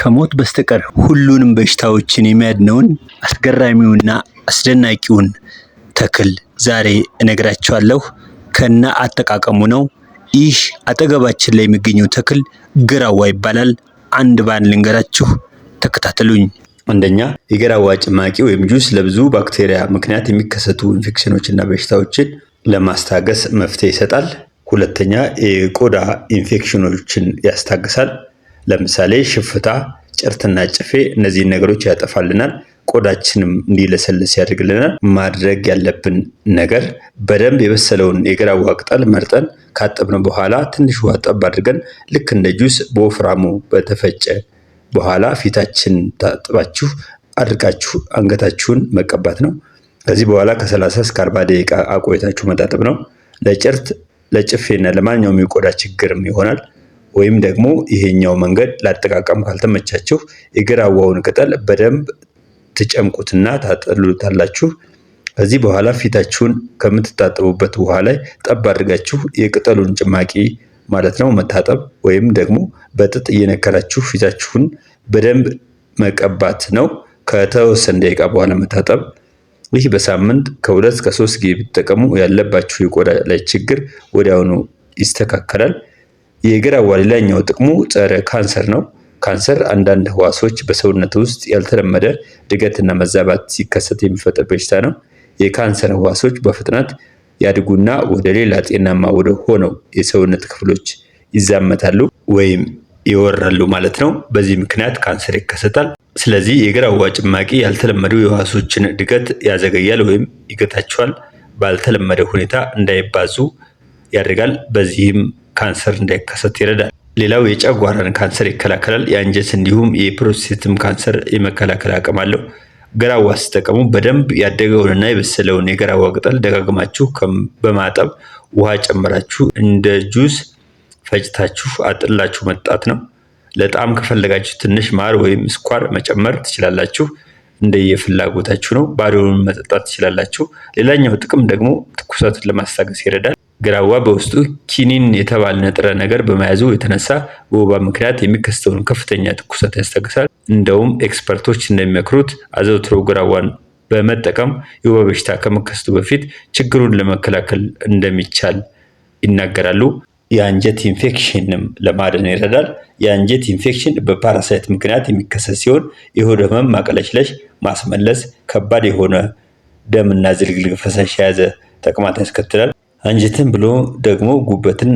ከሞት በስተቀር ሁሉንም በሽታዎችን የሚያድነውን አስገራሚውና አስደናቂውን ተክል ዛሬ እነግራቸዋለሁ። ከነ አጠቃቀሙ ነው። ይህ አጠገባችን ላይ የሚገኘው ተክል ግራዋ ይባላል። አንድ ባንድ ልንገራችሁ፣ ተከታተሉኝ። አንደኛ የግራዋ ጭማቂ ወይም ጁስ ለብዙ ባክቴሪያ ምክንያት የሚከሰቱ ኢንፌክሽኖችና በሽታዎችን ለማስታገስ መፍትሄ ይሰጣል። ሁለተኛ የቆዳ ኢንፌክሽኖችን ያስታግሳል። ለምሳሌ ሽፍታ፣ ጭርትና ጭፌ እነዚህን ነገሮች ያጠፋልናል። ቆዳችንም እንዲለሰልስ ያደርግልናል። ማድረግ ያለብን ነገር በደንብ የበሰለውን የግራዋ ቅጠል መርጠን ካጠብን በኋላ ትንሽ ውሃ ጠብ አድርገን ልክ እንደ ጁስ በወፍራሙ በተፈጨ በኋላ ፊታችን ታጥባችሁ አድርጋችሁ አንገታችሁን መቀባት ነው። ከዚህ በኋላ ከ30 እስከ 40 ደቂቃ አቆይታችሁ መጣጥብ ነው። ለጭርት ለጭፌና ለማንኛውም የቆዳ ችግርም ይሆናል። ወይም ደግሞ ይሄኛው መንገድ ላጠቃቀም ካልተመቻችሁ የግራዋውን ቅጠል በደንብ ትጨምቁትና ታጠሉታላችሁ። ከዚህ በኋላ ፊታችሁን ከምትታጠቡበት ውሃ ላይ ጠብ አድርጋችሁ የቅጠሉን ጭማቂ ማለት ነው መታጠብ ወይም ደግሞ በጥጥ እየነከራችሁ ፊታችሁን በደንብ መቀባት ነው። ከተወሰነ ደቂቃ በኋላ መታጠብ። ይህ በሳምንት ከሁለት ከሶስት ጊዜ ብትጠቀሙ ያለባችሁ የቆዳ ላይ ችግር ወዲያውኑ ይስተካከላል። የግራ አዋሪ ላይኛው ጥቅሙ ጸረ ካንሰር ነው። ካንሰር አንዳንድ ህዋሶች በሰውነት ውስጥ ያልተለመደ እድገትና መዛባት ሲከሰት የሚፈጠር በሽታ ነው። የካንሰር ህዋሶች በፍጥነት ያድጉና ወደ ሌላ ጤናማ ወደ ሆነው የሰውነት ክፍሎች ይዛመታሉ ወይም ይወራሉ ማለት ነው። በዚህ ምክንያት ካንሰር ይከሰታል። ስለዚህ የግራ አዋ ጭማቂ ያልተለመዱ የህዋሶችን እድገት ያዘገያል ወይም ይገታቸዋል። ባልተለመደ ሁኔታ እንዳይባዙ ያደርጋል። በዚህም ካንሰር እንዳይከሰት ይረዳል። ሌላው የጨጓራን ካንሰር ይከላከላል። የአንጀት እንዲሁም የፕሮስቴትም ካንሰር የመከላከል አቅም አለው። ግራዋ ስትጠቀሙ በደንብ ያደገውንና የበሰለውን የግራዋ ቅጠል ደጋግማችሁ በማጠብ ውሃ ጨምራችሁ እንደ ጁስ ፈጭታችሁ አጥላችሁ መጣት ነው። ለጣዕም ከፈለጋችሁ ትንሽ ማር ወይም ስኳር መጨመር ትችላላችሁ። እንደየፍላጎታችሁ ነው። ባሪውን መጠጣት ትችላላችሁ። ሌላኛው ጥቅም ደግሞ ትኩሳቱን ለማስታገስ ይረዳል። ግራዋ በውስጡ ኪኒን የተባለ ንጥረ ነገር በመያዙ የተነሳ በወባ ምክንያት የሚከሰተውን ከፍተኛ ትኩሳት ያስታግሳል። እንደውም ኤክስፐርቶች እንደሚመክሩት አዘውትሮ ግራዋን በመጠቀም የወባ በሽታ ከመከሰቱ በፊት ችግሩን ለመከላከል እንደሚቻል ይናገራሉ። የአንጀት ኢንፌክሽንም ለማደን ይረዳል። የአንጀት ኢንፌክሽን በፓራሳይት ምክንያት የሚከሰት ሲሆን የሆድ ህመም፣ ማቅለሽለሽ፣ ማስመለስ፣ ከባድ የሆነ ደምና ዝልግልግ ፈሳሽ የያዘ ተቅማጥ ያስከትላል። አንጀትን ብሎ ደግሞ ጉበትን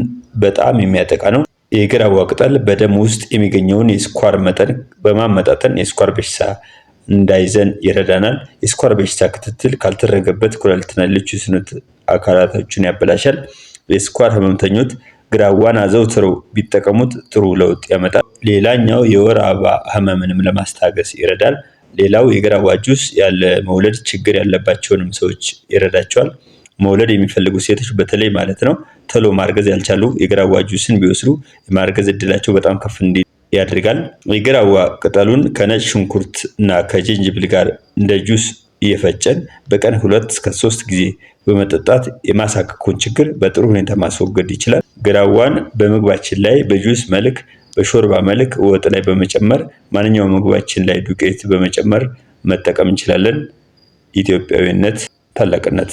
በጣም የሚያጠቃ ነው። የእግር አበባ ቅጠል በደም ውስጥ የሚገኘውን የስኳር መጠን በማመጣጠን የስኳር በሽታ እንዳይዘን ይረዳናል። የስኳር በሽታ ክትትል ካልተደረገበት ኩላሊትና ሌሎች አካላቶችን ያበላሻል። የስኳር ህመምተኞች ግራዋን አዘውትረው ቢጠቀሙት ጥሩ ለውጥ ያመጣል። ሌላኛው የወር አበባ ህመምንም ለማስታገስ ይረዳል። ሌላው የግራዋ ጁስ ያለ መውለድ ችግር ያለባቸውንም ሰዎች ይረዳቸዋል። መውለድ የሚፈልጉ ሴቶች በተለይ ማለት ነው ቶሎ ማርገዝ ያልቻሉ የግራዋ ጁስን ቢወስዱ የማርገዝ እድላቸው በጣም ከፍ እንዲ ያደርጋል። የግራዋ ቅጠሉን ከነጭ ሽንኩርት እና ከጅንጅብል ጋር እንደ ጁስ እየፈጨን በቀን ሁለት እስከ ሶስት ጊዜ በመጠጣት የማሳከኩን ችግር በጥሩ ሁኔታ ማስወገድ ይችላል። ግራዋን በምግባችን ላይ በጁስ መልክ፣ በሾርባ መልክ ወጥ ላይ በመጨመር ማንኛውም ምግባችን ላይ ዱቄት በመጨመር መጠቀም እንችላለን። ኢትዮጵያዊነት ታላቅነት